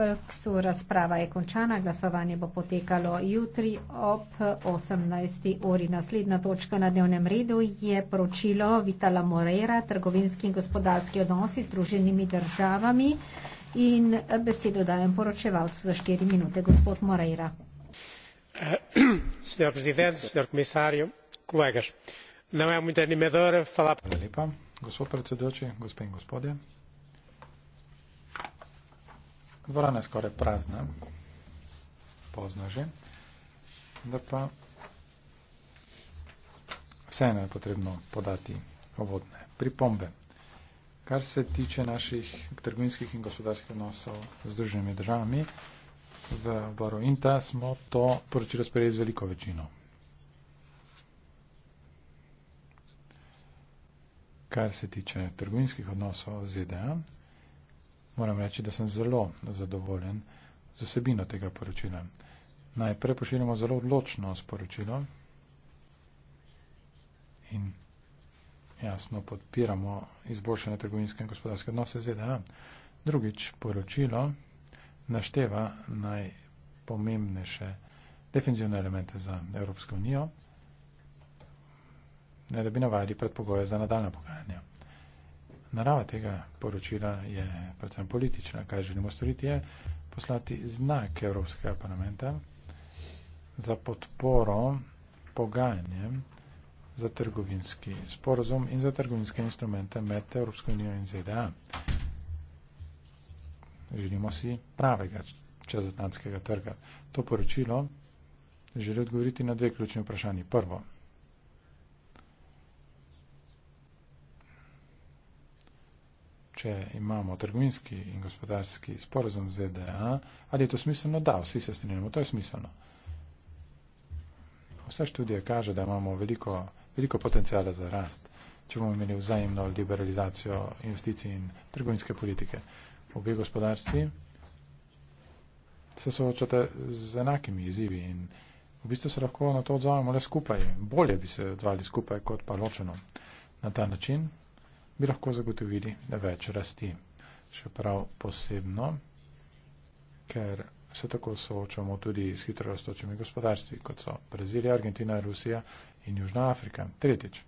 Vrksu razprava je končana, glasovanje bo potekalo jutri ob 18. uri. Naslednja točka na dnevnem redu je poročilo Vitala Morera, trgovinski in gospodarski odnosi s druženimi državami in besedo dajem poročevalcu za 4 minute. Gospod Morera. Hvala lepa, gospod predsedujoči, gospe in gospodje. Dvorana je skoraj prazna, pozno že, da pa vseeno je potrebno podati ovodne pripombe. Kar se tiče naših trgovinskih in gospodarskih odnosov z združenimi državami, v Baru Inta smo to poročilo sprejeli z veliko večino. Kar se tiče trgovinskih odnosov z ZDA, moram reči, da sem zelo zadovoljen z osebino tega poročila. Najprej pošiljamo zelo odločno sporočilo in jasno podpiramo izboljšanje trgovinske in gospodarske odnose ZDA. Drugič, poročilo našteva najpomembnejše defenzivne elemente za Evropsko unijo, ne da bi navajali predpogoje za nadaljna pogajanja narava tega poročila je predvsem politična. Kaj želimo storiti je poslati znak Evropskega parlamenta za podporo pogajanjem za trgovinski sporozum in za trgovinske instrumente med Evropsko unijo in ZDA. Želimo si pravega čezatlantskega trga. To poročilo želi odgovoriti na dve ključne vprašanje. Prvo, če imamo trgovinski in gospodarski sporozum z ZDA, ali je to smiselno? Da, vsi se strinjamo, to je smiselno. Vse študije kaže, da imamo veliko, veliko potencijala za rast, če bomo imeli vzajemno liberalizacijo investicij in trgovinske politike. Obe gospodarstvi se soočate z enakimi izzivi in v bistvu se lahko na to odzovemo le skupaj. Bolje bi se odzvali skupaj kot pa ločeno na ta način bi lahko zagotovili več rasti. Še prav posebno, ker se tako soočamo tudi s hitro rastočimi gospodarstvi, kot so Brazilija, Argentina, Rusija in Južna Afrika. Tretjič.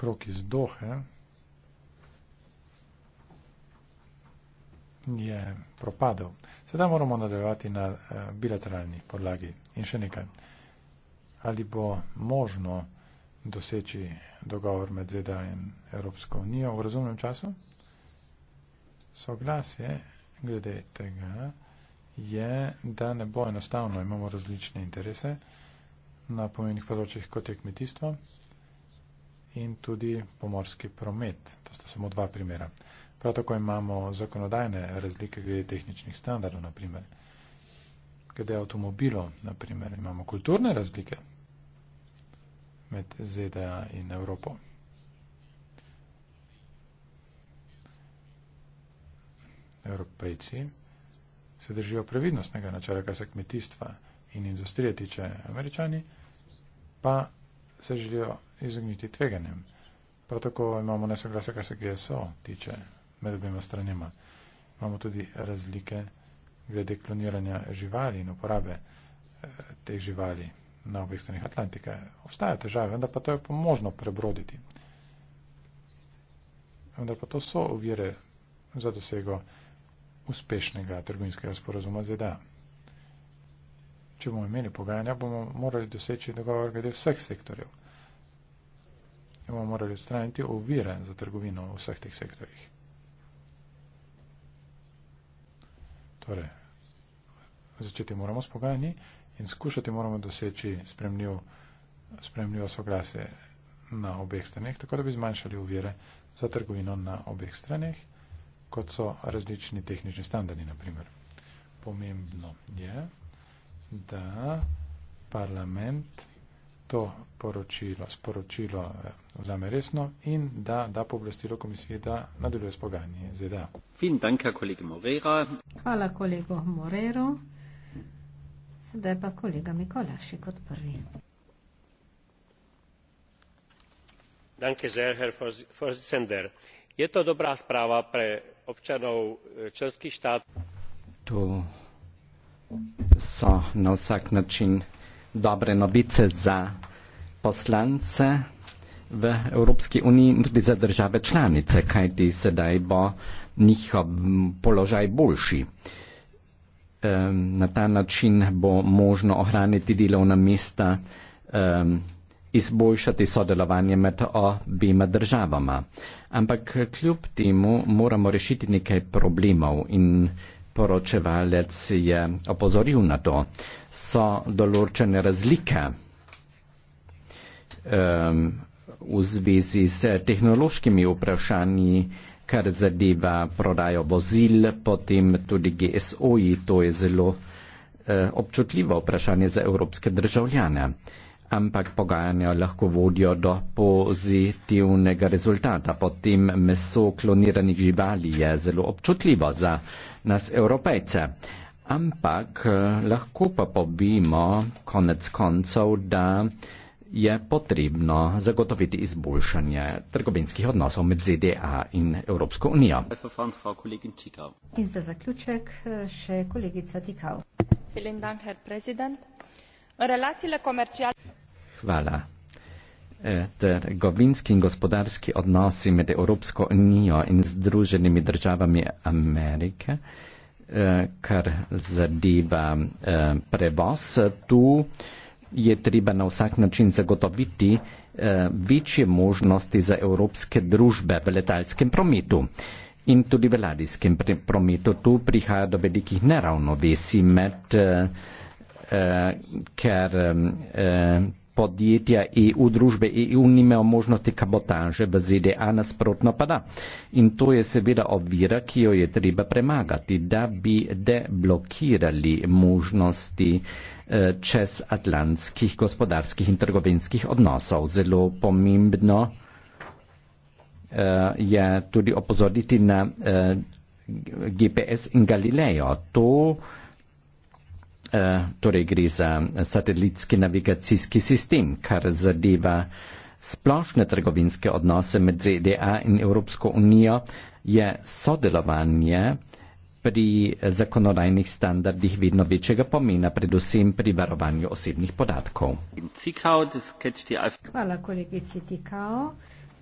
Krok iz Dohe je propadel. Sedaj moramo nadaljevati na eh, bilateralni podlagi. In še nekaj ali bo možno doseči dogovor med ZDA in Evropsko unijo v razumnem času? Soglasje glede tega je, da ne bo enostavno, imamo različne interese na pomembnih področjih, kot je kmetijstvo in tudi pomorski promet. To sta samo dva primera. Prav tako imamo zakonodajne razlike glede tehničnih standardov, naprimer. Glede avtomobilov, naprimer, imamo kulturne razlike, med ZDA in Evropo. Evropejci se držijo previdnostnega načela, kar se kmetijstva in industrije tiče, američani pa se želijo izogniti tveganjem. Prav tako imamo nesoglasje, kar se GSO tiče med obima stranima. Imamo tudi razlike glede kloniranja živali in uporabe eh, teh živali na obeh stranih Atlantike. Obstajajo težave, vendar pa to je pa možno prebroditi. Vendar pa to so ovire za dosego uspešnega trgovinskega sporazuma ZDA. Če bomo imeli pogajanja, bomo morali doseči dogovor glede vseh sektorjev. In bomo morali odstraniti ovire za trgovino v vseh teh sektorjih. Torej, začeti moramo s pogajanji in skušati moramo doseči spremljivo soglase na obeh straneh, tako da bi zmanjšali uvire za trgovino na obeh straneh, kot so različni tehnični standardi, naprimer. Pomembno je, da parlament to poročilo, sporočilo eh, vzame resno in da da pooblastilo komisiji, da nadaljuje s pogajanji ZDA. Hvala kolegu Morero. Sedaj pa kolega Mikolašik kot prvi. Danke sehr, Herr Vorsitzender. Je to dobrá správa pre občanov e, členských štát? To so na vsak način dobre novice za poslance v Evropski uniji in tudi za države članice, kajti sedaj bo njihov položaj boljši. Uh, na ta način bo možno ohraniti delovna mesta, izboljšati sodelovanje med obima državama. Ampak kljub temu moramo rešiti nekaj problemov in poročevalec je opozoril na to. So določene razlike v zvezi s tehnološkimi vprašanji, kar zadeva prodajo vozil, potem tudi GSO-ji, to je zelo eh, občutljivo vprašanje za evropske državljane. Ampak pogajanja lahko vodijo do pozitivnega rezultata. Potem meso kloniranih živali je zelo občutljivo za nas evropejce. Ampak eh, lahko pa povemo konec koncev, da eh, je potrebno zagotoviti izboljšanje trgovinskih odnosov med ZDA in Evropsko unijo. In za zaključek še kolegica Tikal. Hvala. E, trgovinski in gospodarski odnosi med Evropsko unijo in Združenimi državami Amerike, e, kar zadeva e, prevoz, tu je treba na vsak način zagotoviti eh, večje možnosti za evropske družbe v letalskem prometu. In tudi v ladijskem prometu tu prihaja do velikih neravnovesij med, eh, eh, ker eh, podjetja EU, družbe EU nimajo možnosti kabotaže v ZDA, nasprotno pa da. In to je seveda ovira, ki jo je treba premagati, da bi deblokirali možnosti eh, čez atlantskih gospodarskih in trgovinskih odnosov. Zelo pomembno eh, je tudi opozoriti na eh, GPS in Galileo. To Eh, torej gre za satelitski navigacijski sistem, kar zadeva splošne trgovinske odnose med ZDA in Evropsko unijo, je sodelovanje pri zakonodajnih standardih vedno večjega pomena, predvsem pri varovanju osebnih podatkov. Hvala kolegici Tikao.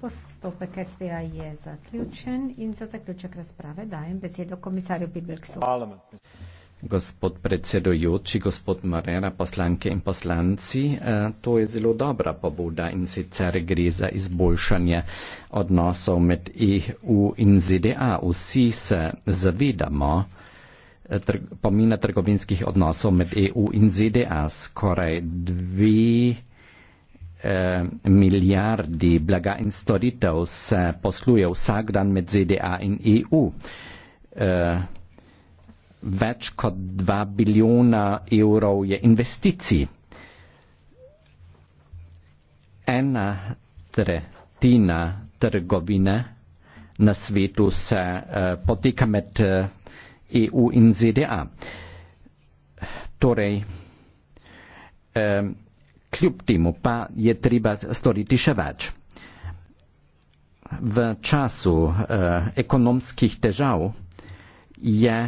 Postopek RTA je zaključen in za zaključek razprave dajem besedo komisarju Bibelksu. Hvala gospod predsedujoči, gospod Marera, poslanke in poslanci. Eh, to je zelo dobra pobuda in sicer gre za izboljšanje odnosov med EU in ZDA. Vsi se zavedamo eh, pomena trgovinskih odnosov med EU in ZDA. Skoraj dve eh, milijardi blaga in storitev se posluje vsak dan med ZDA in EU več kot 2 bilijona evrov je investicij. Ena tretjina trgovine na svetu se uh, poteka med uh, eh, EU in ZDA. Torej, um, kljub temu pa je treba storiti še več. V času uh, ekonomskih težav je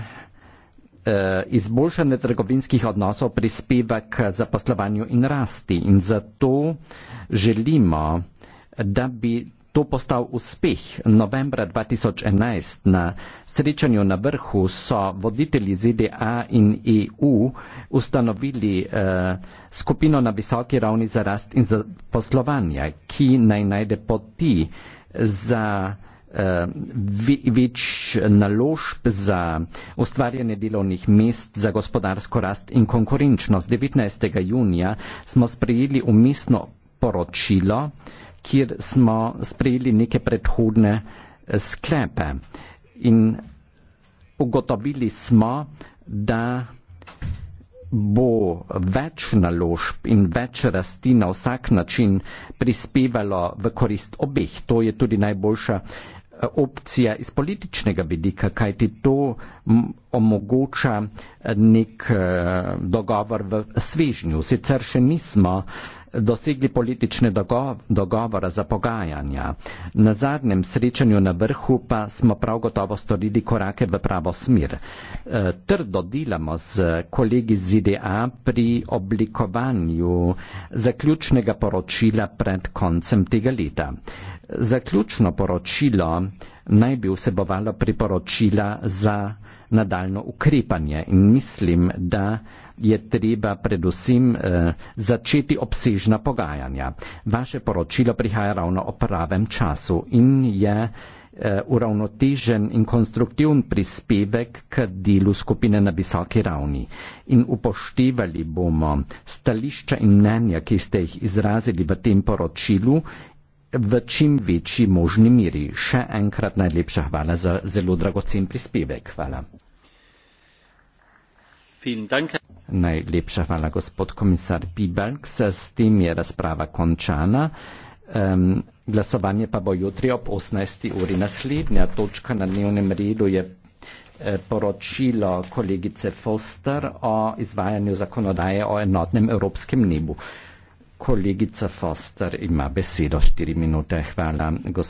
Eh, izboljšanje trgovinskih odnosov prispeva k zaposlovanju in rasti. In zato želimo, da bi to postal uspeh. Novembra 2011 na srečanju na vrhu so voditelji ZDA in EU ustanovili uh, skupino na visoki ravni za rast in za poslovanje, ki naj najde poti za Eh, več naložb za ustvarjanje delovnih mest za gospodarsko rast in konkurenčnost. 19. junija smo sprejeli umestno poročilo, kjer smo sprejeli neke predhodne eh, sklepe in ugotovili smo, da bo več naložb in več rasti na vsak način prispevalo v korist obeh. To je tudi najboljša Eh, opcija iz političnega vidika, kaj ti to omogoča eh, nek eh, dogovor v svežnju. Sicer še nismo dosegli politične dogovore za pogajanja. Na zadnjem srečanju na vrhu pa smo prav gotovo storili korake v pravo smer. E, trdo delamo z kolegi z ZDA pri oblikovanju zaključnega poročila pred koncem tega leta. Zaključno poročilo naj bi vsebovalo priporočila za nadaljno ukrepanje in mislim, da je treba predvsem eh, začeti obsežna pogajanja. Vaše poročilo prihaja ravno o pravem času in je eh, uravnotežen in konstruktivn prispevek k delu skupine na visoki ravni. In upoštevali bomo stališča in mnenja, ki ste jih izrazili v tem poročilu v čim večji možni miri. Še enkrat najlepša hvala za zelo dragocen prispevek. Hvala. Vielen Dank. Najlepša hvala, gospod komisar Pibelks. S tem je razprava končana. Um, glasovanje pa bo jutri ob 18. uri. Naslednja točka na dnevnem redu je e, poročilo kolegice Foster o izvajanju zakonodaje o enotnem evropskem nebu. Kolegica Foster ima besedo 4 minute. Hvala, gospod.